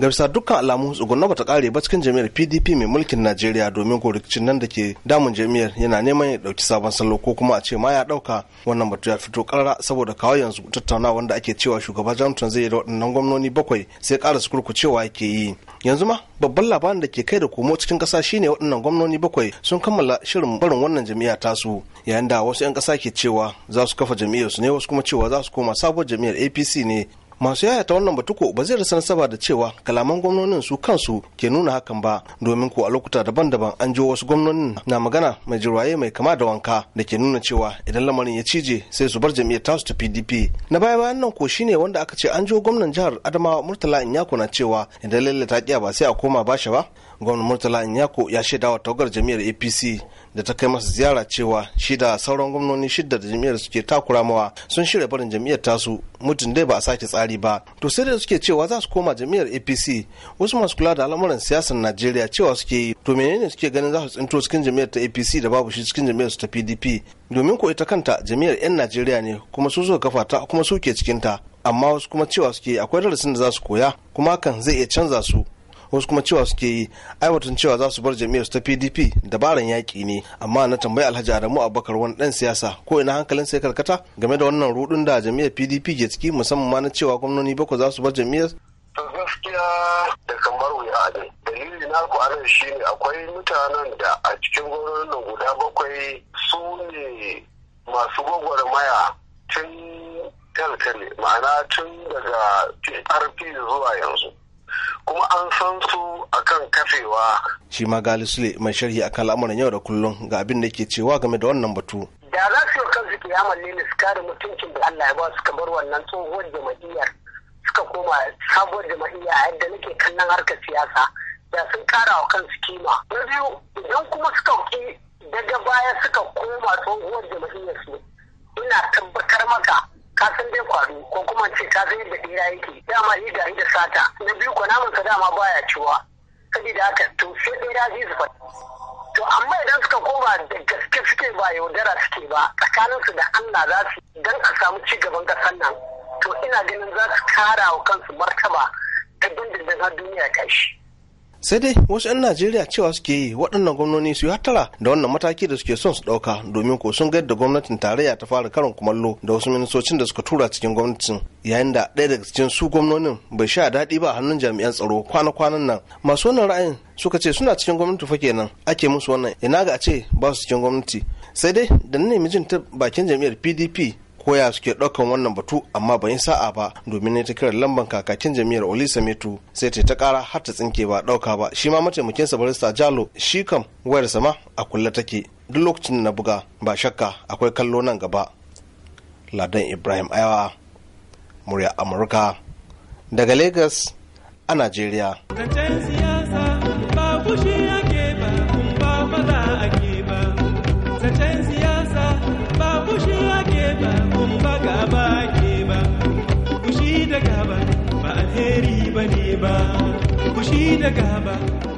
da bisa dukkan alamu tsugunna bata kare ba cikin jami'ar pdp mai mulkin najeriya domin gorikicin nan da ke damun jami'ar yana neman ya dauki sabon salo ko kuma a ce ma ya dauka wannan batu ya fito karara saboda kawo yanzu tattaunawa wanda ake cewa shugaba jonathan zai yi da waɗannan gwamnoni bakwai sai su kurkucewa yake yi yanzu ma babban labarin da ke kai da komo cikin ƙasa shine waɗannan gwamnoni bakwai sun kammala shirin barin wannan jami'a tasu yayin da wasu 'yan kasa ke cewa za su kafa jami'ar su ne wasu kuma cewa za su koma sabuwar jami'ar apc ne masu yaya ta wannan batuko ba zai rasa nasaba da cewa kalaman gwamnonin su kansu ke nuna hakan ba domin ko a lokuta daban-daban an jo wasu gwamnonin na magana mai jirwaye mai kama da wanka da ke nuna cewa idan lamarin ya cije sai su bar jami'ar tasu ta PDP na baya bayan nan ko shine wanda aka ce an jo gwamnan jihar Adamawa Murtala Inyako na cewa idan lallata kiya ba sai a koma ba bashi ba gwamnan Murtala Inyako ya shaidawa tawagar jami'ar APC da ta kai masa ziyara cewa shi da sauran gwamnoni shidda da jam'iyyar suke takura mawa sun shirya barin jam'iyyar tasu mutum dai ba a sake tsari ba to sai da suke cewa za su koma jam'iyyar apc wasu masu kula da al'amuran siyasar najeriya cewa suke yi to menene suke ganin za su tsinto cikin jam'iyyar ta apc da babu shi cikin jam'iyyar su ta pdp domin ko ita kanta jam'iyyar 'yan najeriya ne kuma su suka kafa ta kuma suke ke cikinta amma wasu kuma cewa suke akwai darasin da za su koya kuma hakan zai iya canza su wasu kuma cewa suke yi aiwatan cewa za su bar jami'ar ta pdp dabaran yaƙi ne amma na tambayi alhaji adamu abubakar wani dan siyasa ko ina hankalin sai karkata game da wannan rudun da jami'ar pdp ke ciki musamman ma na cewa gwamnoni bakwai za su bar jami'ar to gaskiya da kamar wuya ne dalili na ku shi ne akwai mutanen da a cikin gwamnoni guda bakwai su ne masu gwagwarmaya tun talkali ma'ana tun daga prp zuwa yanzu kuma an san su akan kafewa shi ma gali sule mai sharhi akan al'amuran yau da kullum ga abin da ke cewa game da wannan batu da za su yi kansu kiyamar ne su kare mutuncin da Allah ya ba su kamar wannan tsohuwar jama'iyyar suka koma sabuwar jama'iyya a yadda nake kallon harkar siyasa da sun kara wa kansu kima na biyu idan kuma suka ki daga baya suka koma tsohuwar jama'iyyar su ina tabbatar maka kasan dai ko kuma ce ta san da ɗera yake dama yi da da sata na biyu ko namansa dama baya ciwa saboda haka to sai ɗera zai zuba to amma idan suka koma da gaske suke ba yaudara suke ba tsakaninsu da Allah za su dan a samu ci gaban ƙasar nan to ina ganin za su kara wa kansu martaba ta dindindin har duniya ta shi. sai dai wasu 'yan najeriya cewa suke yi waɗannan gwamnoni su yi hattara da wannan mataki da suke son su ɗauka domin ko sun da gwamnatin tarayya ta fara karin kumallo da wasu ministocin da suka tura cikin gwamnatin yayin da ɗaya daga cikin su gwamnonin bai sha daɗi ba a hannun jami'an tsaro kwana-kwanan nan masu wannan ra'ayin suka ce suna cikin gwamnati fa kenan ake musu wannan ina ga a ce ba su cikin gwamnati sai dai da na nemi jin ta bakin jami'ar pdp koya suke ɗaukan wannan batu amma yin sa'a ba domin ne ta kira lamban kakakin jami'ar olisa metu sai ta yi ta kara har ta tsinke ba ɗauka ba shi ma mataimakin sa barista jalo shi kam wayar sama a kulle take duk lokacin da na buga ba shakka akwai kallo nan gaba ladan ibrahim ayawa murya amurka daga lagos a najeriya siyasa kun ba gaba ke ba fushi da gaba ba alheri ba ne ba fushi da gaba